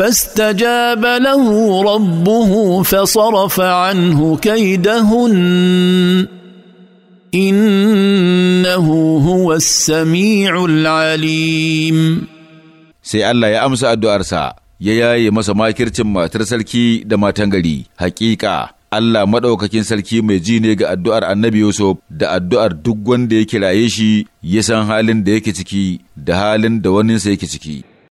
فاستجاب له ربه فصرف عنه كيدهن انه هو السميع العليم sai Allah ya amsa addu'arsa ya yaye masa makircin matar sarki da matan gari Haƙiƙa! Allah maɗaukakin sarki mai ji ne ga addu'ar annabi Yusuf da addu'ar duk wanda ya kiraye shi ya san halin da yake ciki da halin da waninsa yake ciki.